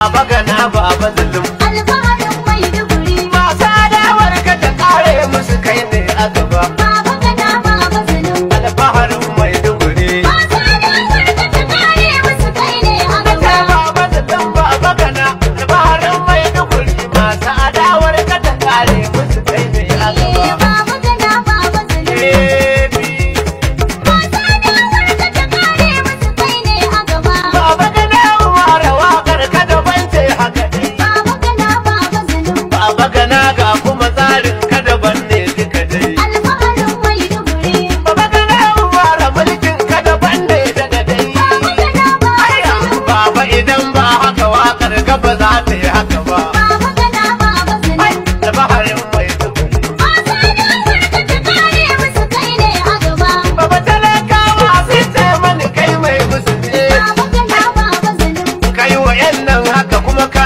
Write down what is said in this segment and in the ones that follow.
Baba ba ba zulum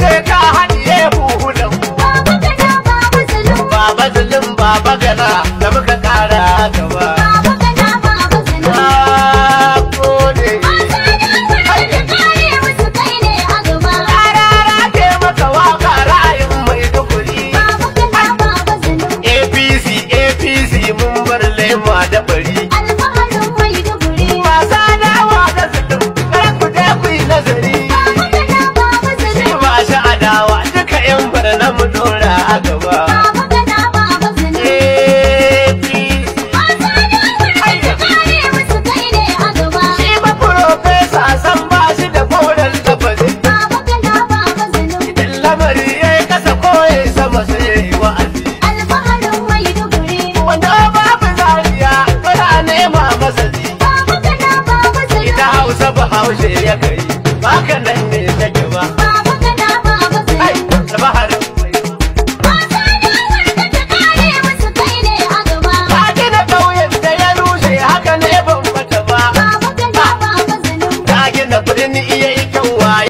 day.